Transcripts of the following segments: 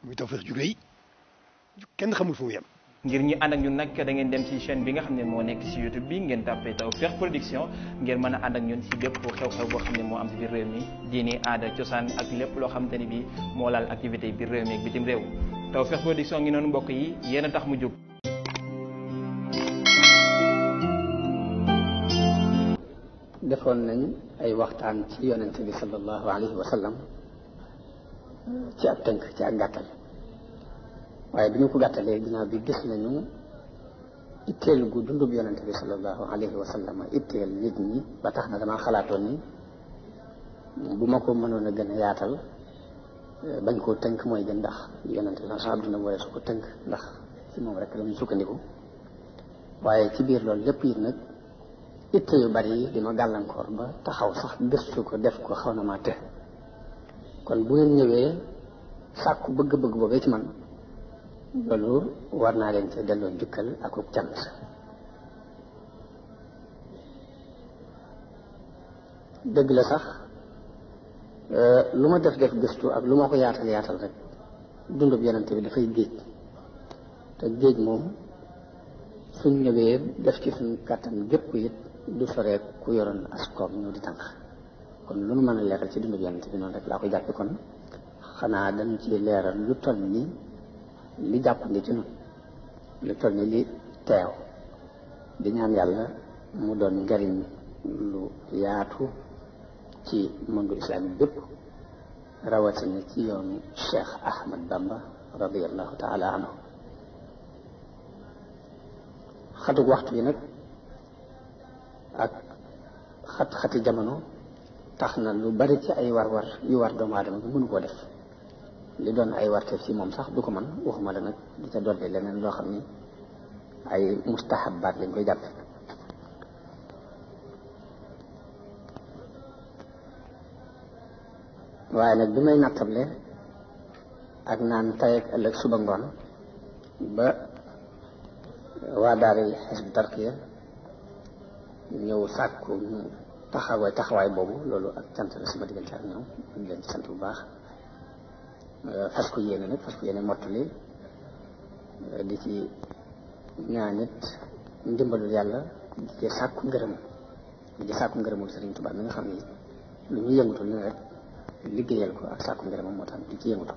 muy Tawfekh ju rëy kenn xamul fu mu ngir ñi ànd ak ñun nag da ngeen dem ci chaîne bi nga xam ne moo nekk ci YouTube bi ngeen tàppee Tawfekh Production ngeen mën a ànd ak ñun ci bépp xew-xew boo xam ne moo am ci biir réew mi diini aada cosaan ak lépp loo xamante ni bi moo laal activité yi biir réew mi ak bitim réew Tawfekh Production ngi noonu mbokk yi yéen a tax mu jóg. defoon nañu ay waxtaan ci yonent bi sallallahu alayhi wa ci ak tënk ci ak gàttal waaye bi ko gàttalee ginaar bi gis nañu itteel gu dundub yonente bi sallallahu alayhi wa sallam itteel nit ñi ba tax na dama xalaatoon ni bu ma ko mënoon a gën a yaatal eh, bañ koo tënk mooy gën ndax yonente bi sax dina waree su ko tënk ndax ci moom rek la sukkandiku waaye ci biir loolu yëpp it nag itte yu bari yi di ma gàllankoor ba taxaw sax gëstu ko def ko xaw na maa të kon bu ñëwee sàkku bëgg-bëgg boobee ci man loolu war naa leen cee delloo njukkal ak ub cant dëgg la sax euh, lu ma def def gëstu ak lu ma ko yaatal yaatal rek dundub yonente bi dafay géej te géej moom suñ ñëwee def ci suñ kàttan gépp it du soree ku yoroon askoom ñëw di tànk kon lu nu mën a leeral ci dundu yonent bi noonu rek laa ko jàppe kon xanaa dañu ci leeral lu toll ni li jàpp ci noonu lu toll ni li teew di ñaan yàlla mu doon njariñ lu yaatu ci mëndu islaam bépp rawatina ci yoonu Cheikh Ahmad Bamba radiallahu taala anhu xatug waxtu bi nag ak xat-xati jamono tax na lu bari ci ay war-war yu war doomu aadama bi mënu koo def li doon ay warteef ci moom sax du ko mën waxuma la nag di ca dolli leneen loo xam ni ay mustahabaat lañ koy jàppe waaye nag bi may nattable ak naan tey ak ëllëg suba ngoon ba waa daara yi Hizbut ñëw sàkku taxawaay taxawaay boobu loolu ak cant la sama diggante ak ñoom ñu leen sant bu baax euh, fas ko yéene nag fas ko yéene mottali euh, di ci ñaanit ndimbalul yàlla di ci sàkku ngërëm di ci sàkku ngërëmul Sëriñ Tuubaa mi nga xam ni lu ñuy yëngutul ñu rek liggéeyal ko ak sàkku ngërëmam moo tax di ci yëngutu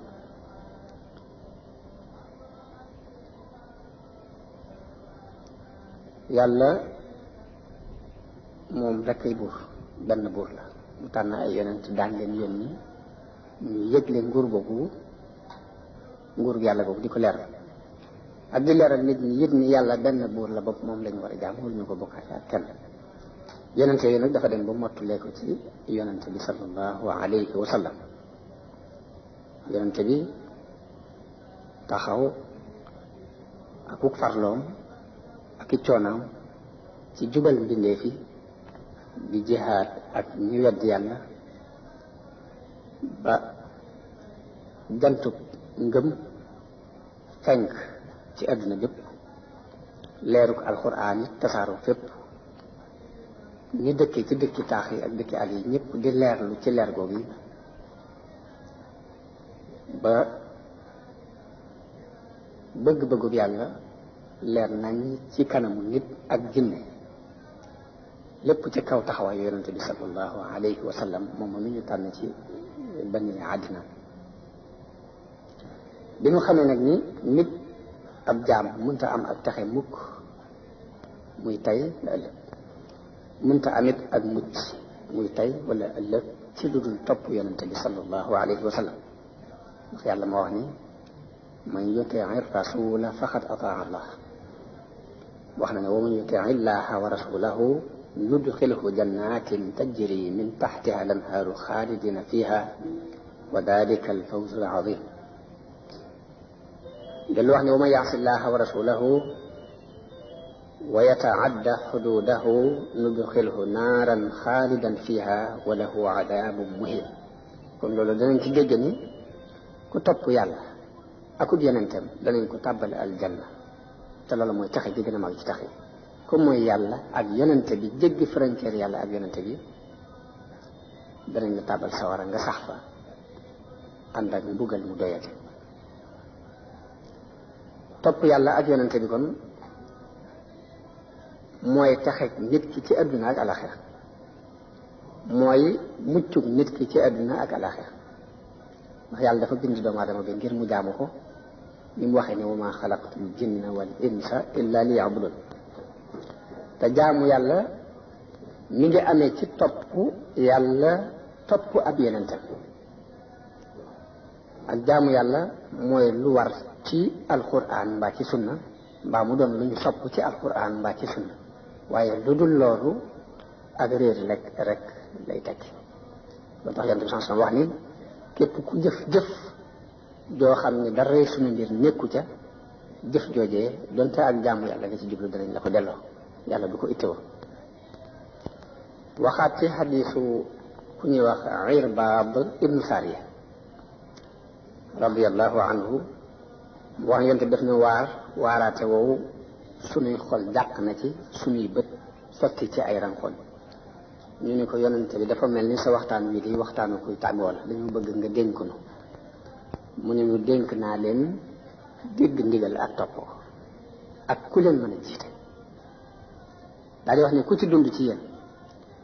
yàlla moom rekkay buur benn buur la mu tànn ay yonent daan leen yónni ñu yëgle nguur boobu nguur yàlla boobu di ko leeral ak di leeral nit ñi yëg ni yàlla benn buur la bopp moom lañu war a jaam waruñu ko bokkaat ak kenn yonent yooyu nag dafa dem ba mottulee ko ci yonent bi sallallahu alayhi wa sallam yonent bi taxaw akuk farloom ak i coonaam ci jubal mbindeef yi di jihaad ak ñu wedd yàlla ba jantub ngëm fenk ci àdduna bépp leeruk alxuraan yi tasaaroo fépp ñi dëkki ci dëkki taax yi ak dëkki àll yi ñëpp di leerlu ci leer googu yi ba bëgg-bëggub yàlla leer nañ ci kanamu nit ak jinne lépp ci kaw taxawaay yonente bi sallallahu alayhi wa sallam moom mi ñu tànn ci bani àddina bi ñu xamee nag ni nit ab jaam mënta am ak taxe mukk muy tay la ëllëg mënta amit ak mucc muy tay wala ëllëg ci lu dul topp yonente bi sallallahu alayhi wa sallam ndax yàlla moo wax ni man yutii rasula faqad ataa allah wax na ne wa man yutii illaha wa rasulahu يدخله جنات تجري من تحتها الانهار خالدين فيها وذلك الفوز العظيم قال له ومن يعص الله ورسوله ويتعدى حدوده ندخله نارا خالدا فيها وله عذاب مهين kon loolu danañ ci dégg ni ku topp yàlla akub yenentam danañ ko tàbbal aljanna te loolu mooy taxe gi gën a mag ci taxe ko mooy yàlla ak yonente bi jéggi frontière yàlla ak yonente bi danañ la tàbbal sawara nga sax fa ànd ak mbugal mu doyate topp yàlla ak yonente bi kon mooy taxej nit ki ci àdduna ak alaxira mooy muccug nit ki ci àdduna ak alaxira ndax yàlla dafa bind doomu aadama bi ngir mu jaamu ko ni mu waxee ne wa ma xalaqtul jinna wal insa illa li yabudun te jaamu yàlla mi ngi amee ci topp yàlla topp ab yenentam ak jaamu yàlla mooy lu war ci alquran mbaa ci sunna mbaa mu doon lu ñu sopp ci alquran mbaa ci sunna waaye lu dul loolu ak réer lekk rek lay tekki loolu tax yonent ku jëf xam ni dara suñu mbir nekku ca jëf joojee donte ak jaamu yàlla nga ci jublu danañ la ko delloo yàlla du ko ittewoo waxaat ci xadiisu ku ñuy wax Irbaad ibnu Saariya radiallahu anhu wax yonte def na waar waaraate woowu sunuy xol jàq na ci sunuy bët sotti ci ay rankoon ñu ne ko yonente bi dafa mel ni sa waxtaan wi di waxtaanu kuy tàggoo la dañu bëgg nga dénk nu mu ne ñu dénk naa leen dégg ndigal ak topp ko ak ku leen mën a jiite daal wax ni ku ci dund ci yéen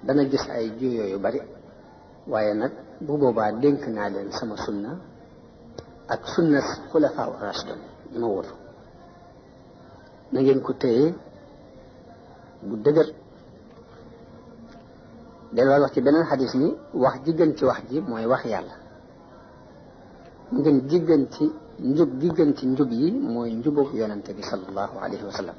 dana gis ay juyoo yu bari waaye nag bu boobaa dénk naa leen sama sunna ak sunna xulafaa rashidun ñi ma wóotu na ko téye bu dëgër delluwaat wax ci beneen xadis ni wax ji gën ci wax ji mooy wax yàlla ngeen ji gën ci njub gi gën ci njub yi mooy njubug yonante bi sallallahu alayhi wa sallam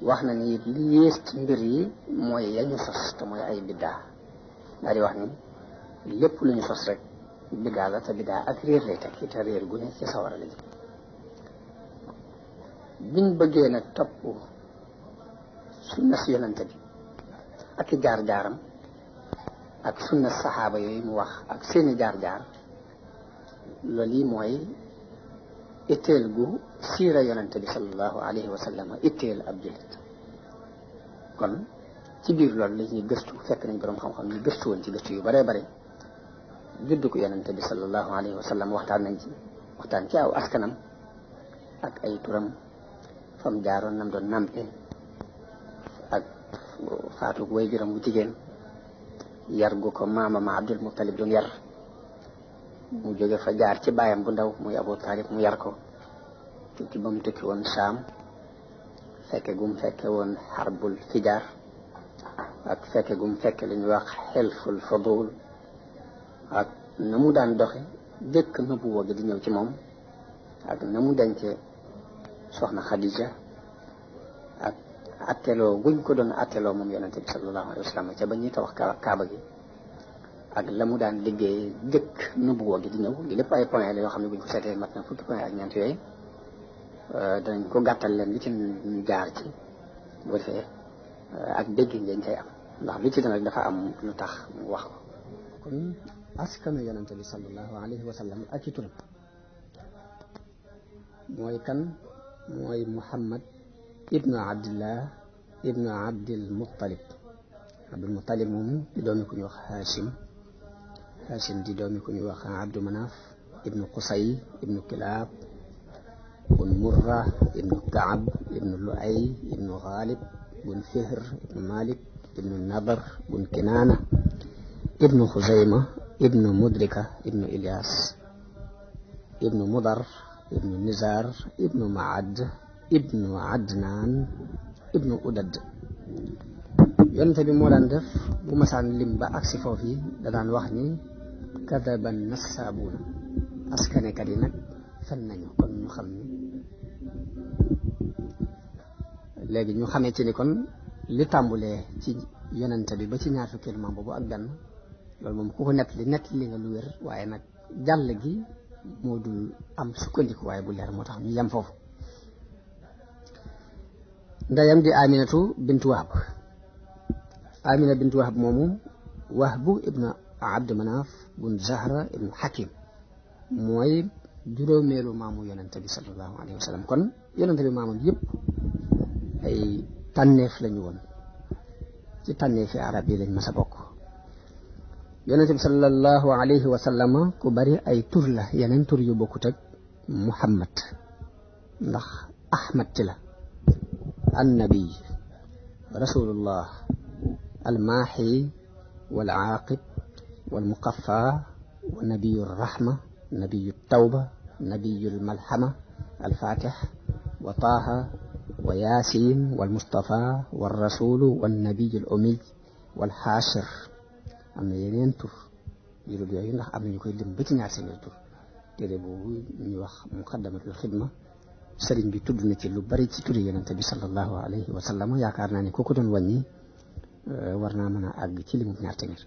wax na ni li yées ci mbir yi mooy yañu sos te mooy ay biddaa daal di wax ni lépp lu ñu sos rek biddaa la te biddaa ak réer lay tekki te réer gu ne ci sawara la jëm biñ bëggee nag topp sunna si yonante bi ak i jaar-jaaram ak sunna saxaaba yooyu mu wax ak seeni jaar-jaar loolu yi mooy itteel gu siira yonente bi sallallahu alayhi wa sallam itteel ab jullit kon ci biir loolu la ñuy gëstu fekk nañ boroom xam-xam ñu gëstu woon ci gëstu yu baree bare juddu ko yonente bi sallallahu alayhi wa waxtaan nañ ci waxtaan ci aw askanam ak ay turam fam jaaroon nam doon namte ak faatu way juram bu jigéen yar gu ko maamama Abdul Muttalib doon yar mu jóge fa jaar ci baayam bu ndaw muy Abu Talib mu yar ko tukki ba mu tukki woon saam fekke gum fekke woon xarbul fijaar ak fekke gum fekke lu ñuy wax xelful fadul ak na mu daan doxe jëkk nubuwa gi di ñëw ci moom ak na mu dencee soxna Xadija ak atteloo guñ ko doon atteloo moom yonente bi sallallahu alayhi wa sallam ca ba ñuy tawax kaaba gi ak la mu daan liggéey jëkk nubuwa gi di ñëw li lépp ay point la yoo xam ne bu ñu ko seetee mat na fukki point ak ñeent yooyu euh, danañ ko gàttal leen li ci ñu jaar ci bu ko defee euh, ak dégg ngeen cay li ci dana dafa am lu tax wax ko. kon askanu yonente bi sallallahu alayhi ak ci turam mooy kan mooy Muhammad ibnu Abdillah ibnu Abdil Muttalib Abdul Muttalib moom di doomi ku ñu wax Hashim Hashim di doomi ku ñuy wax Manaf ibnu Qusay ibnu Kilaab bun Murra ibnu Kaab ibnu Luay ibnu Ghalib bun Fihr ibnu Malik ibnu Nadar bun Kinaana ibnu Xuzayma ibnu Mudrika ibnu Ilyas ibnu Mudar ibnu Nizar ibnu Maad ibnu Adnaan ibnu Udad yonente bi moo daan masaan lim ba foofu yi kadaban nassaabuuna askanekat yi nag fen nañu kon ñu xam ni léegi ñu xamee ci ni kon li tàmbulee ci yonente bi ba ci ñaar fukkeelu maam boobu ak benn loolu moom ku ko nett li nett li nga lu wér waaye nag jàll gi moo du am sukkandiku waaye bu leer moo tax ñu yem foofu ndeyam di aminatu bint wahab amina bint wahab moomu wahbu ibnu abdu manaaf bun Zahra ibn Hakim mooy juróomeelu maamu yonente bi sallallahu alayhi wa kon yonente bi maamam yëpp ay tànneef lañu woon ci tànneefi yi lañ mas a bokk yonente bi sallallahu alayhi wa ku bari ay tur la yeneen tur yu bokkut ak Muhammad ndax Ahmad ci la annabi rasulullah almaaxi wal aaqib wal muqaffa wa nabiyu rahma nabiyu tawba nabiyu malhama alfatih wa taaha wa yaasin wal mustafa wal rasulu wal nabiyu umiy wal xaashir am na yeneen tur yu dul yooyu ndax am na ñu koy lim ba ci ñaar seen tur téere boobu ñuy wax muqaddamatul xidma sëriñ bi tudd na ci lu bari ci turi yonente bi sallallahu alayhi wa sallam yaakaar naa ne ku ko doon wàññi euh, war naa mën a àgg ci limu ñaar téeméer